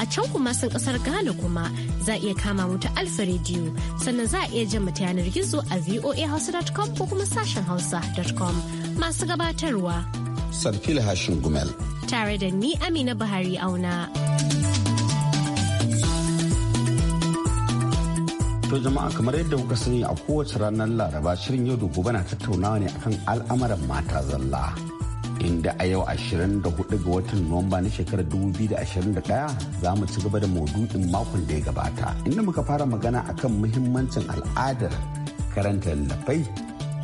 a can kuma sun kasar Ghana kuma za a iya kama mu ta Alfa Radio sannan za a iya jin mu ta yanar gizo a voahausa.com ko kuma sashen hausa.com masu gabatarwa. Sarfil Hashin Gumel. Tare da ni Amina Buhari auna. To jama'a kamar yadda kuka sani a kowace ranar Laraba shirin yau da gobe na tattaunawa ne akan al'amuran mata zalla. inda a yau 24 ga watan Nuwamba na shekarar 2021 za mu ci gaba da maudu'in makon da ya gabata inda muka fara magana a kan muhimmancin al'adar karanta lafai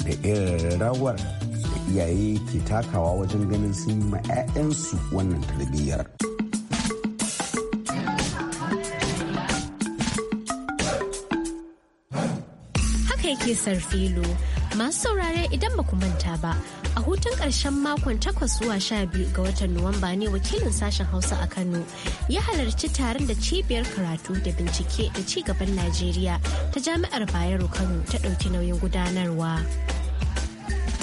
da irin rawar da iyaye ke takawa wajen ganin sun yi ma 'ya'yansu wannan tarbiyyar. Haka yake sarfilo. Masu saurare idan ba ku manta ba, a hutun ƙarshen makon takwas zuwa sha biyu ga watan Nuwamba ne wakilin sashen Hausa a Kano ya halarci taron da cibiyar karatu da bincike da ci gaban Najeriya ta Jami'ar Bayero Kano ta ɗauki nauyin gudanarwa.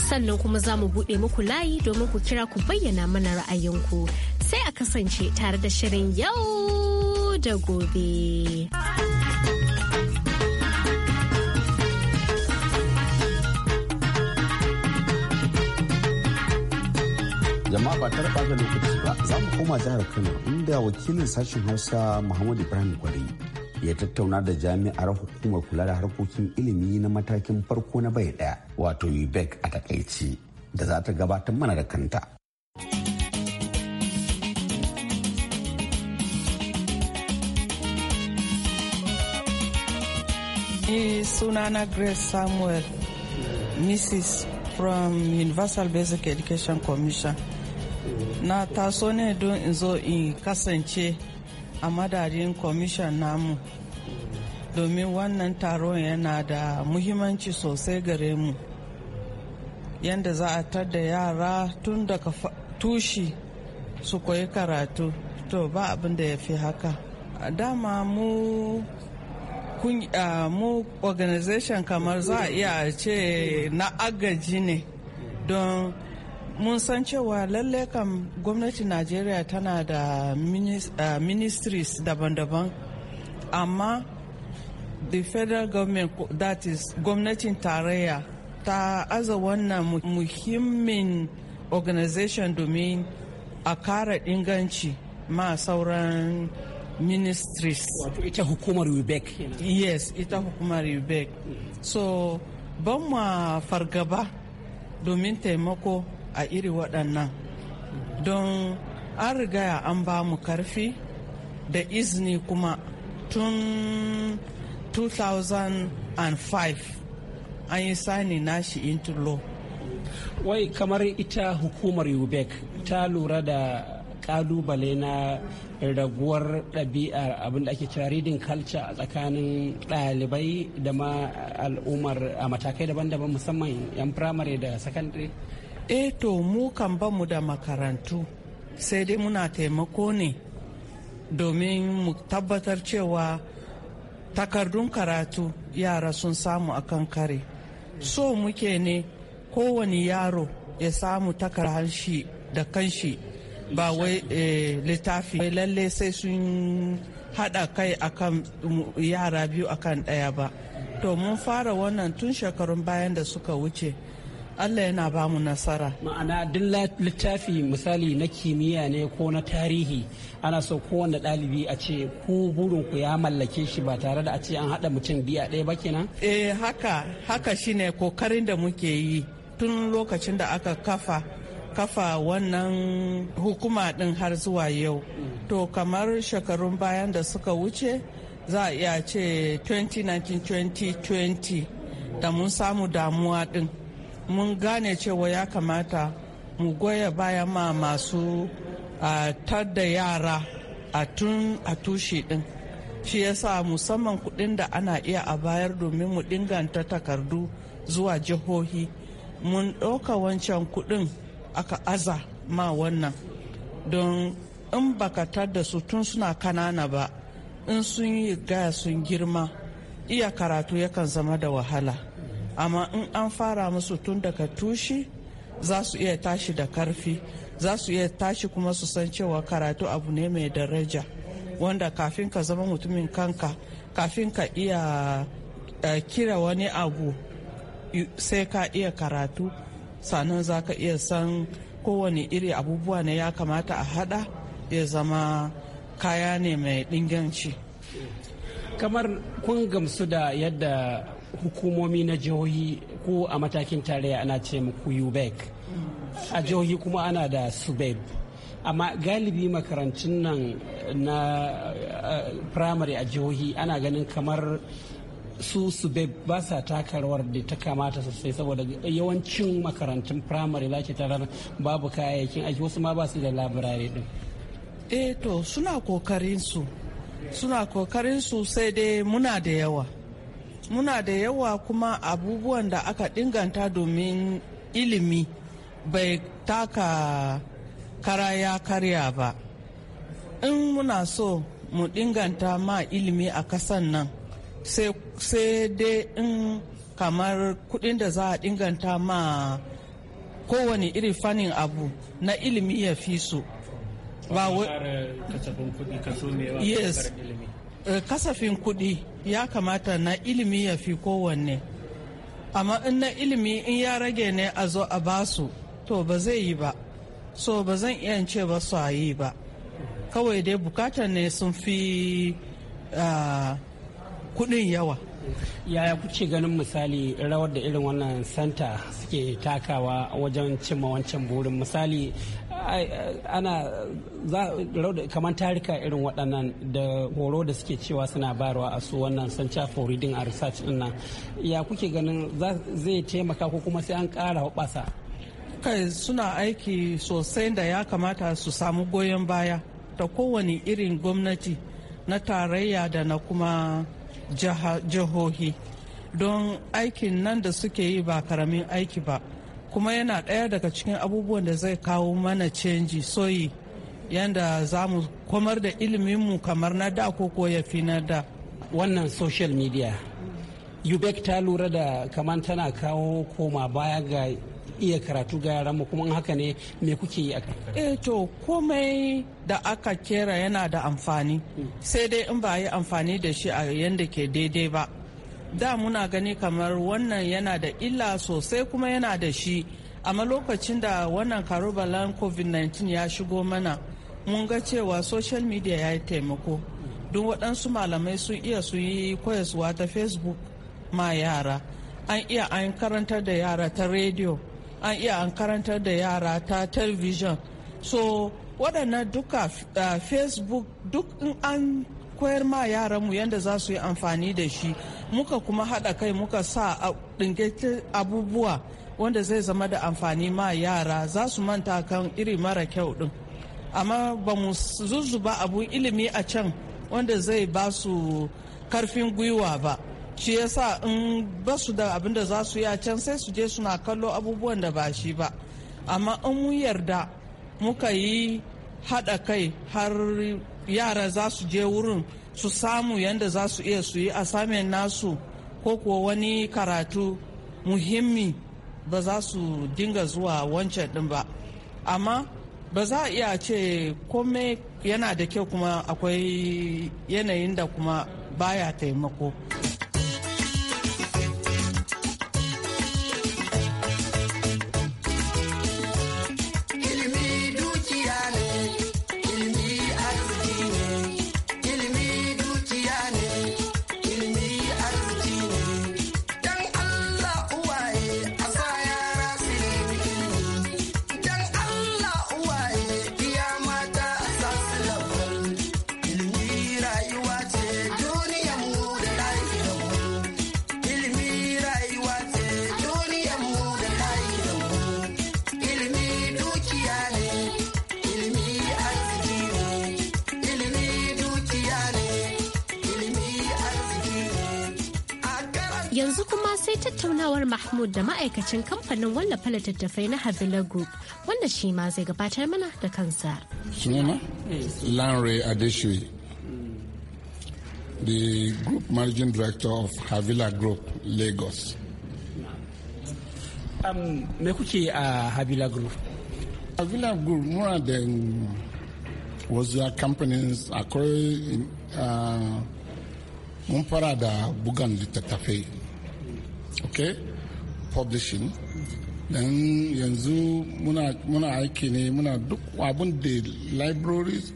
sannan kuma za mu buɗe muku layi domin ku kira ku bayyana mana ra'ayinku sai a kasance tare da shirin yau da gobe. jama'a ba ta da lokaci ba za mu koma jihar kano inda wakilin sashen hausa muhammad ibrahim gwari ya tattauna da jami'ar hukumar kula da harkokin ilimi na matakin farko na bai daya wato ubec a takaici da za ta gabatar mana da kanta sunana grace samuel mrs from universal basic education commission na taso ne don in zo in kasance a madadin kwamishan namu domin wannan taron yana da muhimmanci sosai gare mu yadda za a tar yara tun daga tushi su koyi karatu to ba abin da ya fi haka dama mu mu organization kamar za a iya ce na agaji ne don mun san cewa lallai kam gwamnatin najeriya tana da ministries daban-daban amma the federal government that is gwamnatin tarayya ta aza wannan muhimmin organization domin a kara inganci ma sauran ministries wato ita hukumar ubec yes ita hukumar ubec so ban ma fargaba domin taimako a iri waɗannan don an rigaya an ba mu karfi da izini kuma tun 2005 an yi sani nashi into law wai kamar ita hukumar ubec ta lura da kalubale na raguwar ɗabi'ar abinda ake cewa reading culture a tsakanin ɗalibai da ma al'ummar a matakai daban-daban musamman 'yan firamare da secondary. eh to mu kan ba mu da makarantu sai dai muna taimako ne domin mu tabbatar cewa takardun karatu yara sun samu akan kare so muke ne kowane yaro ya samu takardar shi da kanshi ba wai eh, littafi wai lalle sai sun hada kai akan yara biyu akan daya ba to mun fara wannan tun shekarun bayan da suka wuce Allah yana ba mu nasara. Ma'ana duk littafi misali na kimiyya ne ko na tarihi ana so kowane ɗalibi a ce ku burin ku ya mallake shi ba tare da a ce an haɗa mutum biya ɗaya ba kenan? Eh haka haka shine kokarin da muke yi tun lokacin da aka kafa kafa wannan hukuma ɗin har zuwa yau. To kamar shekarun bayan da suka wuce za a iya ce 2019-2020 da mun samu damuwa ɗin. mun gane cewa ya kamata mu goya baya ma masu tadda yara a tun a tushe din shi yasa musamman kudin da ana iya a bayar domin mu inganta takardu zuwa jihohi mun ɗauka wancan kudin aka aza ma wannan don in baka da su tun suna kanana ba in sun yi gaya sun girma iya karatu yakan zama da wahala amma in an fara musu tun daga tushi za su iya tashi da karfi za su iya tashi kuma su san cewa karatu abu ne mai daraja wanda kafin ka zama mutumin kanka kafin ka iya eh, kira wani abu sai ka iya karatu sannan za ka iya san kowane iri abubuwa ne ya kamata a hada ya zama kaya ne mai dinganci kamar kun gamsu da yadda hukumomi na jihohi ko a matakin tarayya ana ce muku ubec a jihohi kuma ana da subeb e amma galibi makarantun nan na eh, primary a jihohi ana ganin kamar su subeb e ba sa taka da ta kamata sosai saboda yawancin makarantun firamare za ke tarar babu kayayyakin aiki wasu ma ba su da laburare. din eh to suna kokarin su suna kokarin su sai dai muna da yawa muna da yawa kuma abubuwan da aka dinganta domin ilimi bai taka kara ya karya ba in muna so mu dinganta ma ilimi a kasan nan sai dai in kamar kudin da za a dinganta ma kowane irin fannin abu na ilimi ya fi su ba wai yes Eh, kasafin kuɗi ya kamata na ilimi ya fi kowanne amma in na ilimi in ya rage ne a zo a ba su to ba zai yi ba so ba zan iya ce ba su a yi ba kawai dai bukatar ne sun fi ah, kuɗin yawa yaya kuke ganin misali rawar da irin wannan santa suke takawa wajen cimma wancan burin misali ana kamar tarika irin waɗannan da horo da suke cewa suna barwa a su wannan santa for reading and research din ya kuke ganin zai taimaka ko kuma sai an ƙara hoɓasa kai suna aiki sosai da ya kamata su samu goyon baya da kowane irin gwamnati na tarayya da na kuma jihohi don aikin nan da suke yi ba karamin aiki ba kuma yana ɗaya daga cikin abubuwan da zai kawo mana canji soyi yadda za mu komar da iliminmu kamar na da ko ko ya fi na da wannan social media ubec ta lura da kamar tana kawo koma baya ga iya karatu ga yaran mu kuma haka ne me kuke yi akai eh to komai da aka kera yana da amfani mm. sai dai in ba yi amfani da shi a yanda ke daidai ba da muna gani kamar wannan yana da illa sosai kuma yana da shi amma lokacin da wannan karubalan covid-19 ya shigo mana mun ga cewa social media ya yi taimako mm. don waɗansu malamai sun iya su yi koyaswa ta facebook ma yara an iya an karantar da yara ta rediyo an iya an karantar da yara ta television so waɗannan duka uh, facebook duk in an koyar ma yaranmu yadda za su yi amfani da shi muka kuma haɗa kai muka sa ɗingaitun abubuwa wanda zai zama da amfani ma yara za su manta kan iri mara kyau ɗin amma ba mu zuzzuba abun ilimi a can wanda zai ba su karfin gwiwa ba shi yasa in ba su da abin da za su yi a can sai su je suna kallo abubuwan da ba shi ba amma in mun yarda muka yi haɗa kai har yara za su je wurin su samu yadda za su iya su yi assignment nasu ko kuwa wani karatu muhimmi ba za su dinga zuwa wancan ɗin ba amma ba za a iya ce kome yana da kyau kuma akwai yanayin da kuma baya taimako. Yanzu kuma sai tattaunawar Mahmud da ma'aikacin kamfanin wallafa littattafai na Havila Group wanda shi ma zai gabatar mana da kansa. Sunana? Lanre Adeshui. The Group Managing Director of Havila Group, Lagos. Um, me kuke a Havila Group? Havila Group than da your companies akwai uh, mun fara da bugan littattafai. okay publishing dan yanzu muna muna aiki ne muna duk abun da libraries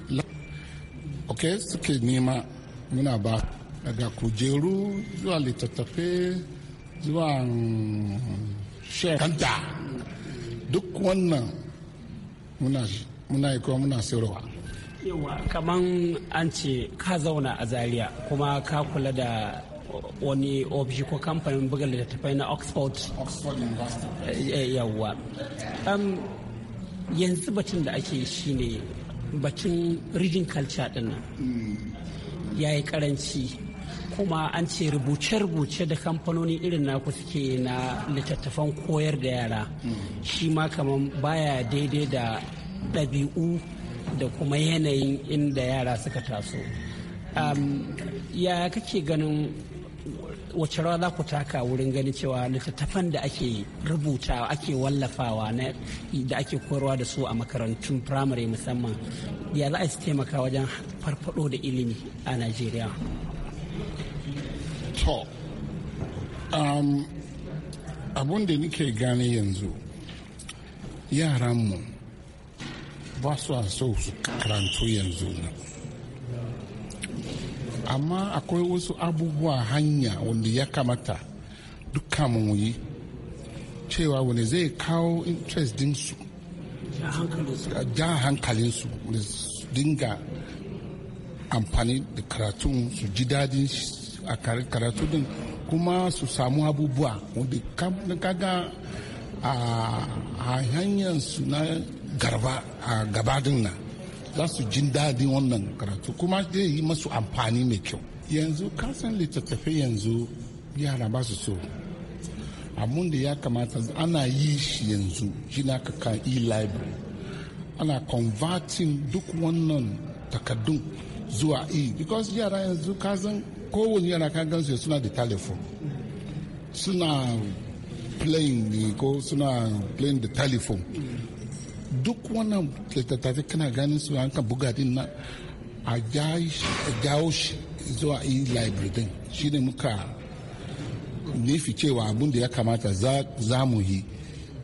okay suke nema muna ba daga kujeru zuwa littattafai zuwa mm, shekanta duk wannan muna muna yi kuma muna sayarwa yawa kaman an ce ka zauna a zaria kuma ka kula da wani ofishi ko kamfanin buga littattafai na oxford eh, eh, yawwa yanzu batun da ake shi ne batun reading culture din hmm. ya yi karanci kuma an ce rubuce-rubuce da kamfanoni irin naku suke na littattafan koyar da yara hmm. shi ma kamar baya daidai da ɗabi'u da kuma yanayin inda yara suka taso ya kake ganin wace rawa za ku taka wurin ganin cewa littattafan da ake rubuta ake wallafawa da ake koyarwa da su a makarantun firamare musamman ya za a su taimaka wajen farfado da ilimi a najeriya to um, abun da nike gane yanzu mu ba su so su karantu yanzu na. amma akwai wasu abubuwa hanya wanda ya kamata dukkan mu yi cewa wani zai kawo interest dinsu ja hankalinsu dinga amfani da karatun su ji dadin a karatu din kuma su samu abubuwa wanda kaga a hanyar su na garba a gabadin nan za su jin daɗin wannan karatu kuma zai yi masu amfani mai kyau yanzu kasan littattafai yanzu yara ba su so abun da ya kamata ana yi shi yanzu shine ka ka e-library ana converting duk wannan takardun zuwa e because yara yanzu kasan kowane yara ka gansu suna da telephone suna playing ko suna playing da telephone duk wannan littattafi kana ganin su an kan buga din nan a jawo shi zuwa yi library din shi ne muka nufi cewa abin da ya kamata za mu yi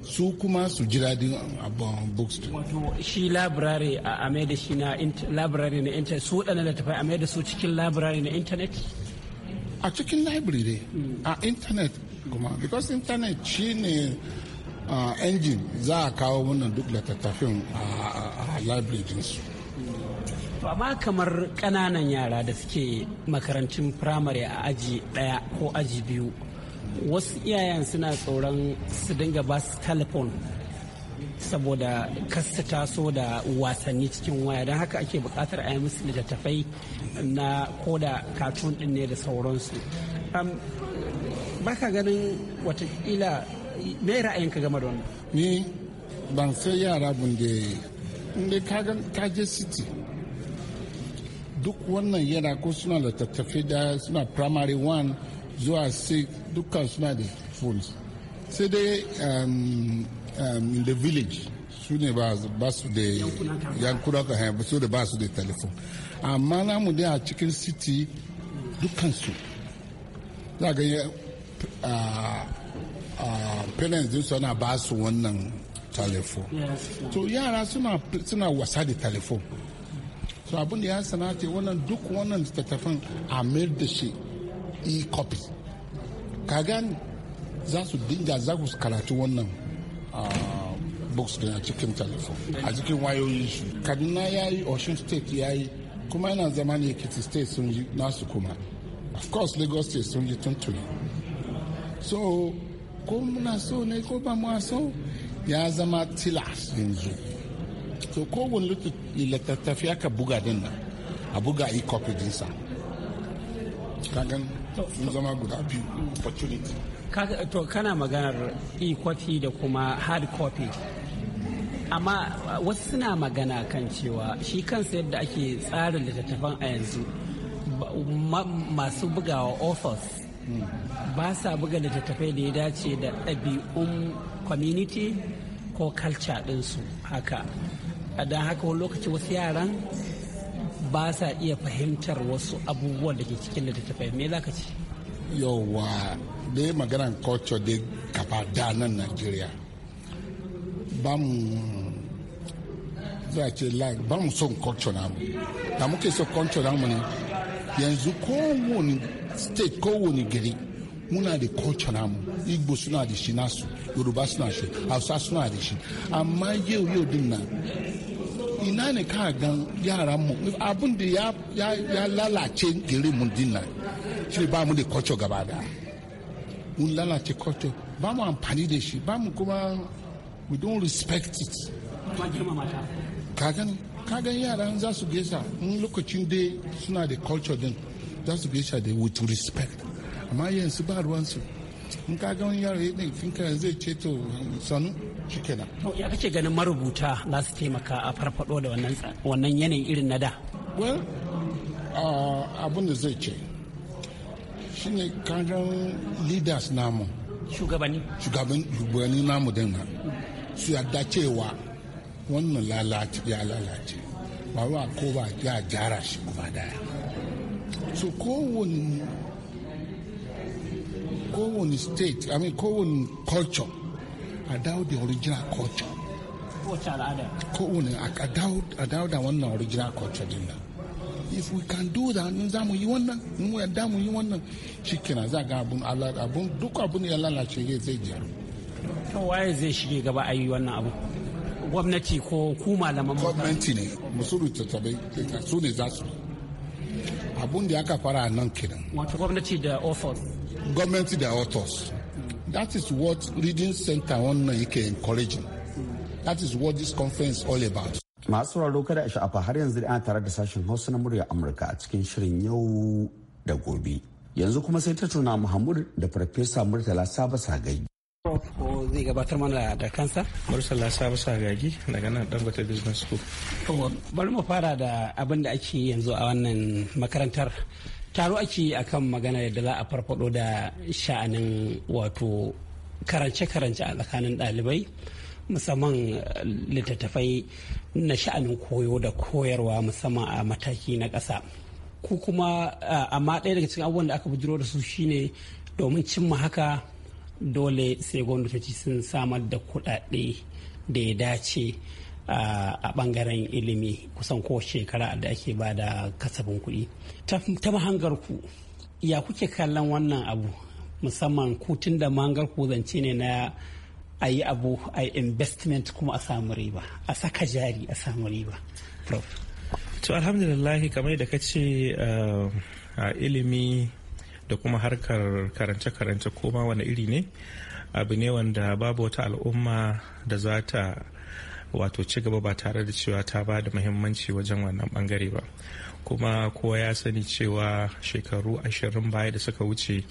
su kuma su ji daɗin books wato shi a amai da shi na na intanet su waɗannan littattafai da su cikin labirare na intanet a cikin library hmm. a intanet kuma because intanet shi ne engine za a kawo wannan duk littattafin a library dinsu amma kamar ƙananan yara da suke makarantun firamare a aji ɗaya ko aji biyu wasu iyayen suna tsoron su dinga ba su telefon saboda kasta taso da wasanni cikin waya don haka ake bukatar a yi musu littattafai na koda katun ɗin ne da sauransu Ba ka ganin watakila me ra'ayinka game da wannan ni ban sai yara bunde inda kagan kaje city duk wannan yara ko suna da tattafi da suna primary one zuwa 6 dukkan suna da phones sai dai um, um, in the village su ne ba su da yankuna ka hanyar eh, su da ba su da telefon amma mu dai a cikin city dukkan su za ga ah, Uh, parents din suna ba su wannan telefon to yara suna wasa da telefon so abin da ya sana ce wannan duk wannan tattafin a mayar da shi e-copy kaga za su dinga za su karatu wannan uh, books din a cikin telefon a cikin wayoyin shi kaduna ya yi ocean state ya yi kuma yana zama ne ekiti state sun yi nasu kuma of course lagos state sun yi tuntuni so ko muna so ne ko ba mu so ya zama tilas yanzu to kowane littattafi aka buga din nan a buga e copy din sa kagan sun zama guda biyu opportunity to kana maganar e-copy da kuma hard copy amma wasu suna magana kan cewa shi kansa yadda ake tsarin littattafan a yanzu masu bugawa office ba sa buga littattafai da ya dace da ɗabi'un community ko culture ɗinsu haka a don haka wani lokaci wasu yaran ba sa iya fahimtar wasu abubuwan da ke cikin littattafai me za ka ce yawwa dai maganar culture dai gaba da nan najeriya ba mu za ce like ba mu son culture namu da muke son culture namu ne yanzu kowane state kowane gari muna da culture namu igbo suna da shi nasu yoruba suna shi hausa suna da shi amma yau yau din na ina ne ka gan yara mu abin da ya, lalace gari mu din na shi ba mu da culture gaba da mun lalace culture ba mu amfani da shi ba mu kuma we don't respect it kagan kagan yara za su gesa in lokacin dai suna da culture din za su gaisha da with respect amma yanzu ba ruwansu in ka ga wani yaro ne finka zai ceto sanu shikenan ya kake ganin marubuta za su taimaka a farfado da wannan yanayin irin na da well abin da zai ce ne kanran leaders namu shugabanni shugabanni namu din nan su yadda cewa wannan lalace ya lalace ba wa ko ba ya jara shi kuma daya so kowane kowane state i mean kowane culture a dawo da original culture kowace al'ada kowane a dawo da wannan original culture din na. if we can do that in za mu yi wannan in mu yadda mu yi wannan kina za ga abun abun duk abun ya lalace zai gyaru to waye zai shige gaba yi wannan abu gwamnati ko ku malaman gwamnati ne musulun tattabai su ne za su yi abun da aka fara nan kenan wato gwamnati da authors gwamnati da authors that is what reading center wannan yake encouraging that is what this conference all about masu sauraro kada a sha'afa har yanzu ana tare da sashen hausa na murya amurka a cikin shirin yau da gobe yanzu kuma sai ta tuna da farfesa murtala saba sagai ko zai gabatar mana da kansa Murtala Sabu Sagagi daga nan Dangote Business School bari mu fara da abin da ake yanzu a wannan makarantar taro ake akan magana da za a farfado da sha'anin wato karance-karance a tsakanin ɗalibai musamman eh, littattafai na sha'anin koyo da koyarwa musamman a mataki na ƙasa ku kuma eh, amma ɗaya daga cikin abubuwan da aka bujiro da su shine domin cimma haka dole sai gwamnatoci sun samar da kuɗaɗe da ya dace a bangaren ilimi kusan ko shekara da ake ba da kasafin kuɗi ta mahangar ku ya kuke kallon wannan abu musamman kutun da mahangar ku zance ne na a yi abu a investment kuma a samu riba a saka jari a samu riba prof to alhamdulillah kamar da ka ce eh, a ilimi da kuma harkar karance-karance ko ma wani iri ne abu ne wanda babu wata al'umma da za ta wato ci gaba ba tare da cewa ta ba da muhimmanci wajen wannan bangare ba kuma kowa ya sani cewa shekaru ashirin baya da suka wuce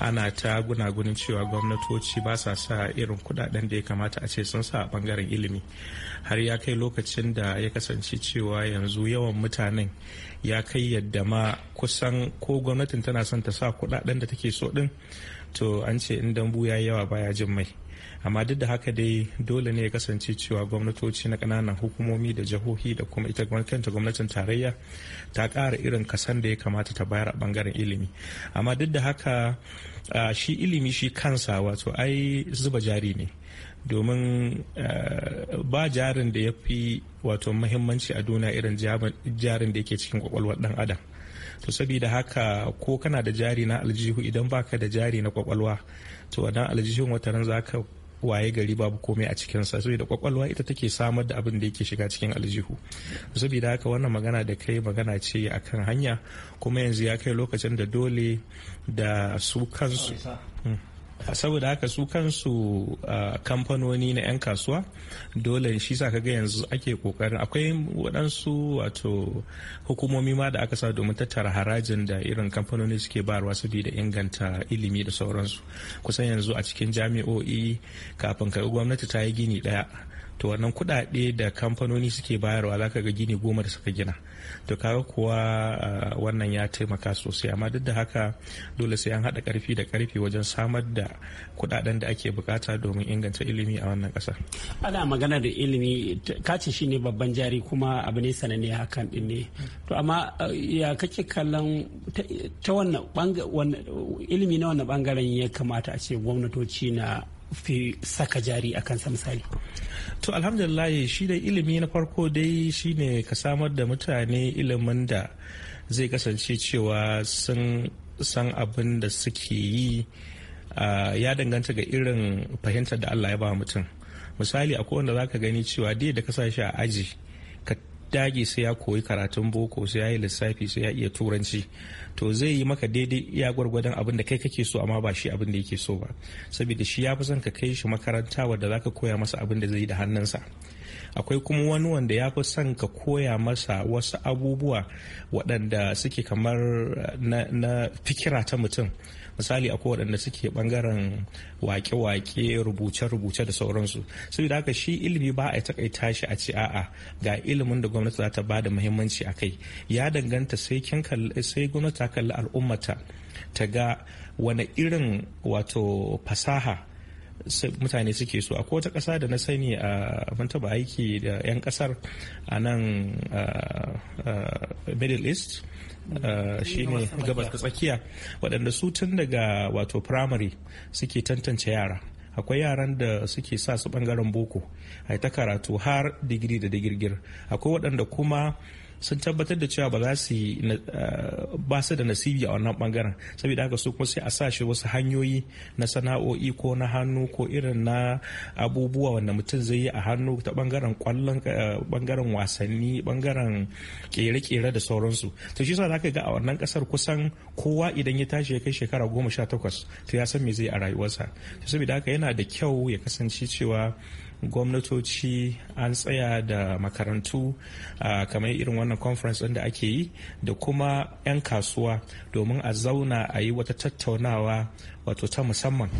ana ta gunagunin cewa gwamnatoci ba sa sa irin kudaden da ya kamata a ce sun sa a bangaren ilimi har ya kai lokacin da ya kasance cewa yanzu yawan mutanen ya kai yadda ma kusan ko gwamnatin tana son ta sa kudaden da take so din to an ce in dambu ya yi yawa baya jin mai amma duk da haka dai dole ne ya kasance cewa gwamnatoci na kananan hukumomi da jihohi da kuma ita kanta gwamnatin tarayya ta ƙara irin kasan da ya kamata ta bayar a bangaren ilimi amma duk da haka shi ilimi shi kansa wato ai zuba jari ne domin ba jarin da ya fi wato mahimmanci a duniya irin jarin da yake cikin kwakwalwar dan adam to saboda haka ko kana da jari na aljihu idan baka da jari na kwakwalwa to wadannan aljihun za ka. waye gari babu komai a cikin sa saboda kwakwalwa ita take samar da abin da yake shiga cikin aljihu saboda haka wannan magana da kai magana ce akan hanya kuma yanzu ya kai lokacin da dole da su kansu saboda haka su kansu kamfanoni na 'yan kasuwa dole shi sa kaga yanzu ake kokarin akwai waɗansu wato hukumomi ma da aka sa domin tattara harajin da irin kamfanoni suke barwa saboda inganta ilimi da sauransu kusan yanzu a cikin jami'o'i kafin ka gwamnati ta yi gini ɗaya to wannan kuɗaɗe da kamfanoni suke bayarwa za ka ga gini goma da suka gina to kaga kuwa wannan ya taimaka sosai amma duk da haka dole sai an haɗa karfi da karfi wajen samar da kuɗaɗen da ake bukata domin inganta ilimi a wannan kasa. ana magana da ilimi kace shi ne babban jari kuma abu ne sananne hakan ɗin ne to amma ya kake kallon ta wannan ilimi na wannan bangaren ya kamata a ce gwamnatoci na fi saka jari a kansa misali to alhamdulillah shi da ilimi na farko dai shine ka samar da mutane ilimin da zai kasance cewa sun san abin da suke yi ya danganta ga irin fahimtar da allah ya ba mutum misali akwai wanda za ka gani cewa dai da ka sa shi a aji ka dage sai ya koyi karatun boko sai ya yi lissafi sai ya iya turanci to zai yi maka daidai iya gwargwadon abin da kai kake so amma ba shi abin da yake so ba saboda shi ya fi son ka kai shi makaranta wadda zaka koya masa abin da zai yi da hannunsa akwai kuma wani wanda ya fi son ka koya masa wasu abubuwa waɗanda suke kamar eh, na, fikira ta mutum misali akwai waɗanda suke ɓangaren wake-wake rubuce-rubuce da sauransu saboda haka shi ilimi ba a takaita shi a ce a'a ga ilimin da gwamnati za ta ba da muhimmanci a kai ya danganta sai gwamnati ta kalli al'ummata ta ga wani irin wato fasaha mutane suke so akwai wata ƙasa da na sani a mun taba aiki da 'yan ƙasar a nan middle east shine gabas ta tsakiya waɗanda su tun daga wato primary suke tantance yara akwai yaran da suke sa su ɓangaren boko a ta karatu har digiri da digirgir akwai waɗanda kuma sun tabbatar da cewa ba za su yi eh, ba su da nasibi a wannan bangaren saboda haka su kuma sai a sa shi wasu hanyoyi na sana'o'i ko na hannu ko irin na abubuwa wanda mutum zai yi a hannu ta bangaren kwallon bangaren eh, wasanni bangaren kere-kere da sauransu to shi sa za ka ga a wannan kasar kusan kowa idan ya tashi ya kai shekara goma sha takwas to ya san me zai a rayuwarsa saboda haka yana da kyau ya kasance cewa gwamnatoci an tsaya da makarantu kamar irin wannan conference ɗin da ake yi da kuma 'yan kasuwa domin a zauna a yi wata tattaunawa wato ta musamman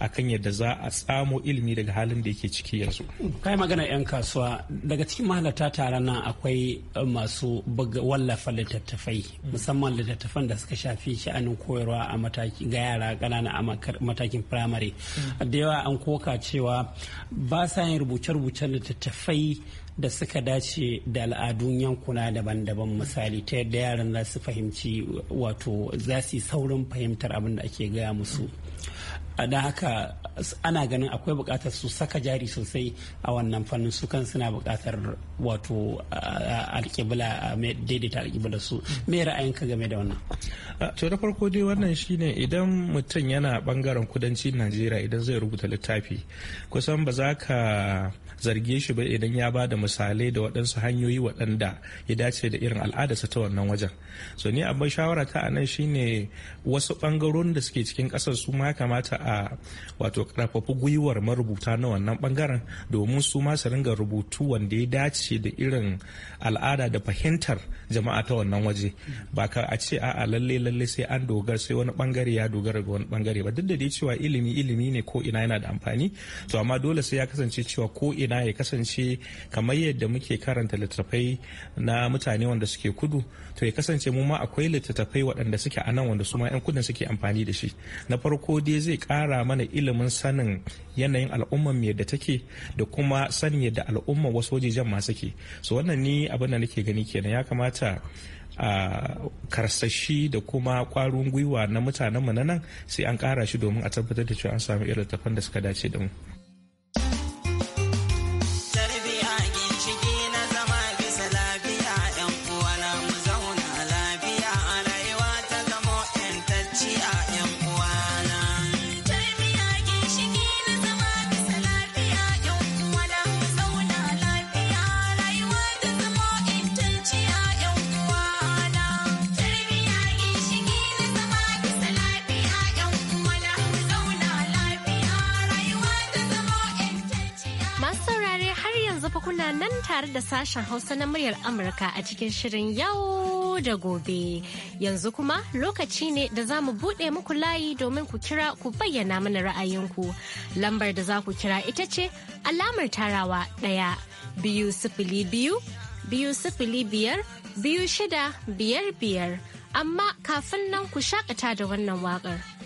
akan yadda za a tsamo ilimi daga halin da yake ciki yanzu. kai magana 'yan kasuwa daga cikin mahalarta tare nan akwai eh, masu wallafa littattafai musamman littattafan da suka shafi sha'anin koyarwa a mataki ga yara ƙanana a matakin firamare da yawa an koka cewa ba sa yin rubuce-rubucen littattafai da suka dace da al'adun yankuna daban-daban misali ta yadda yaran za su fahimci wato za su yi saurin fahimtar abin da ake gaya musu da haka ana ganin akwai bukatar su saka jari sosai a wannan fannin su kan suna bukatar wato mai daidaita alƙibla su me ra'ayinka game da wannan to da farko dai wannan shine idan mutum yana bangaren kudancin najeriya idan zai rubuta littafi kusan ba za ka zarge shi ba idan ya ba da misalai da waɗansu hanyoyi waɗanda ya dace da irin al'adarsa ta wannan wajen so ni abin shawara ta anan shine wasu ɓangarorin da suke cikin ƙasar su ma kamata a wato karfafi gwiwar marubuta na wannan bangaren domin su ma su ringa rubutu wanda ya dace da irin al'ada da fahimtar jama'a ta wannan waje ba ka a ce a'a lalle lalle sai an dogara sai wani bangare ya dogara ga wani bangare ba duk da dai cewa ilimi ilimi ne ko ina yana da amfani to amma dole sai ya kasance cewa ko ina ya kasance kamar yadda muke karanta littattafai na mutane wanda suke kudu to ya kasance mu ma akwai littattafai waɗanda suke a nan wanda su ma 'yan kudin suke amfani da shi na farko dai zai kara mana ilimin sanin yanayin al'umma mu yadda take da kuma sanin yadda al'umma wasu wajejen masu ke so wannan ni abin da nake gani kenan ya kamata a karsashi da kuma kwarin gwiwa na mu na nan sai an kara shi domin a tabbatar da cewa an samu irin tafan da suka dace da mu da sashen Hausa na muryar Amurka a cikin shirin yau da gobe. Yanzu kuma lokaci ne da za mu buɗe muku layi domin ku kira ku bayyana mana ra'ayinku. Lambar da za ku kira ita ce alamar tarawa ɗaya biyu sifili biyu biyu sifili biyar biyu shida biyar biyar. Amma kafin nan ku shakata da wannan waƙar.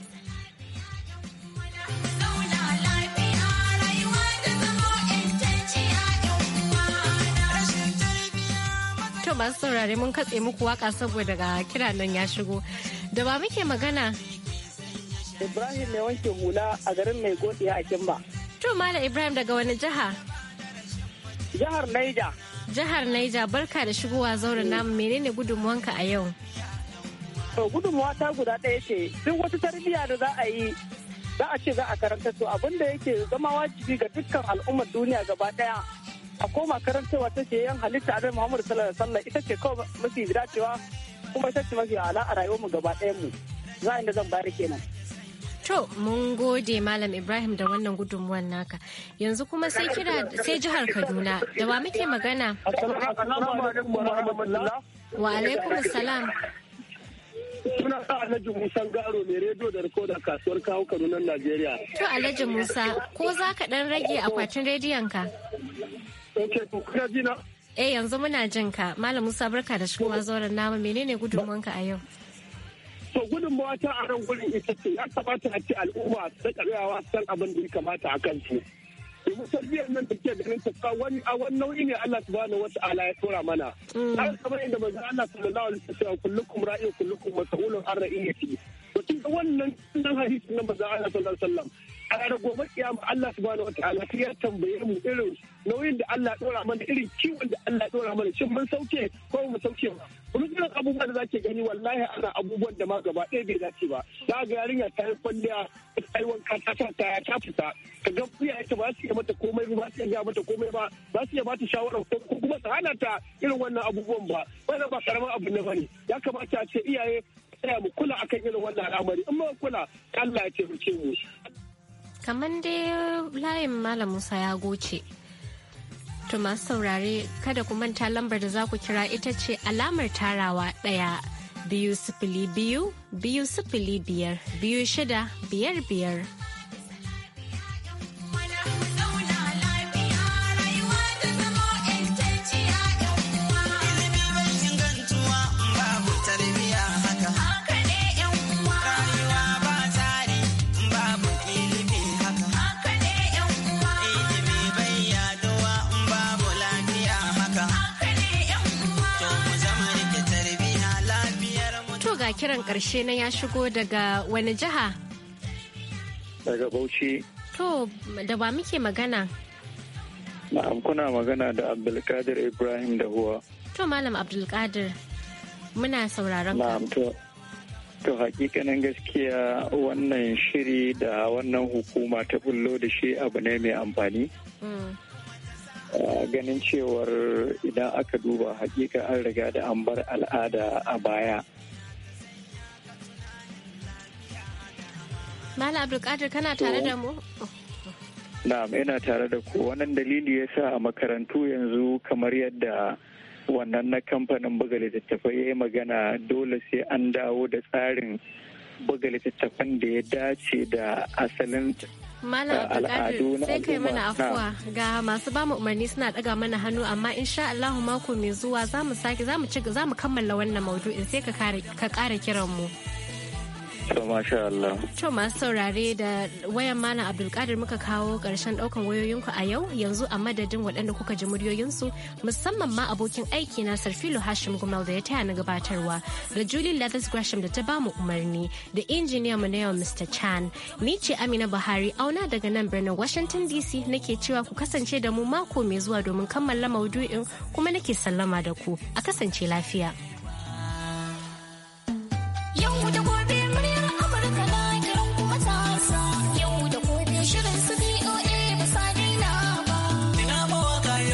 to masu saurare mun katse muku waka saboda ga kira nan ya shigo. Da ba muke magana? Ibrahim mai wanke hula a garin mai godiya a Kimba. To Mala Ibrahim daga wani jiha? Jihar Naija. Jihar Naija barka da shigowa zauren namu menene gudunmuwanka a yau? To gudunmuwa ta guda ɗaya ce duk wata tarbiyya da za a yi za a ce za a karanta to abin da yake zama wajibi ga dukkan al'ummar duniya gaba ɗaya a koma karantarwa ta ce yan halitta abin muhammadu sallallahu alaihi wasallam ita ce kawai mafi dacewa kuma ita ce mafi ala a rayuwarmu gaba ɗayan mu za inda zan bari kenan To, mun gode Malam Ibrahim da wannan gudunmuwan naka. Yanzu kuma sai kira sai jihar Kaduna, da wa muke magana? Wa alaikum salam. Suna sa Alhaji Musa Garo mai rediyo da rikoda kasuwar kawo Kaduna Najeriya. To Alhaji Musa, ko za ka ɗan rage akwatin rediyon ka? eh yanzu muna jin ka malam musa barka da shigowa zauren namu menene gudunmuwanka a yau to gudunmawa ta a ran gurin ita ce ya kamata a ce al'umma ta karyawa san abin da ya kamata a kansu domin tarbiyyar nan da ke ganin ta wani a wani nau'i ne Allah subhanahu ta'ala ya tura mana mm. har kamar yadda zan Allah sallallahu alaihi sallam kullukum ra'i kullukum mas'ulun an ra'iyati to kin wannan nan hadisin nan zan Allah sallallahu alaihi sallam a ranar gobe kiyama Allah subhanahu wataala sai ya tambaye mu irin nauyin da Allah dora mana irin kiwon da Allah dora mana shin mun sauke ko mu sauke ba abubuwan da zake gani wallahi ana abubuwan da ma gaba ɗaya bai dace ba za ga yarinya ta yi kwalliya ta yi wanka ta ta ta ta fita ka ga iyaye ta ba su iya mata komai ba su iya mata komai ba ba su iya ta shawara ko kuma su hana ta irin wannan abubuwan ba wannan ba karaman abu na bane ya kamata a ce iyaye tsaya mu kula akan irin wannan al'amari in ma kula Allah ya taimake mu kamar dai layin malam musa ya goce to masu saurare kada ku manta lambar da za ku kira ita ce alamar tarawa ɗaya biyu sifili biyu biyu sifili biyar biyu shida biyar biyar kiran karshe na ya shigo daga wani jiha? Daga Bauchi. To, da ba muke magana? Na'am kuna magana da Abdulkadir Ibrahim da huwa. To, Malam Abdulkadir, muna sauraron ka. Na'am to. To hakikanin gaskiya wannan shiri da wannan hukuma ta bullo da shi abu ne mai amfani. Mm. Ah, ganin cewar idan aka duba hakika an riga da an bar al'ada a baya. Mala Abdulkadir kana tare da mu? Na'am ina tare da ku wannan dalili ya sa a makarantu yanzu kamar yadda wannan na kamfanin buga littattafai ya yi magana dole sai an dawo da tsarin buga littattafan da ya dace da asalin al'adu na sai kai mana afuwa ga masu ba mu umarni suna daga mana hannu amma insha Allah mako mai zuwa za mu sake za mu kammala wannan maudu'in sai ka kara kiran mu. To masha Allah. To masu saurare da wayan mana Abdulkadir muka kawo ƙarshen ɗaukan wayoyinku a yau yanzu a madadin waɗanda kuka ji muryoyinsu musamman ma abokin aiki na Sarfilo Hashim Gumal da ya taya na gabatarwa da Julie Lathis Gresham da ta bamu umarni da injiniya mu na yau Mr. Chan. Ni ce Amina Buhari auna daga nan birnin Washington DC nake cewa ku kasance da mu mako mai zuwa domin kammala maudu'in kuma nake sallama da ku a kasance lafiya.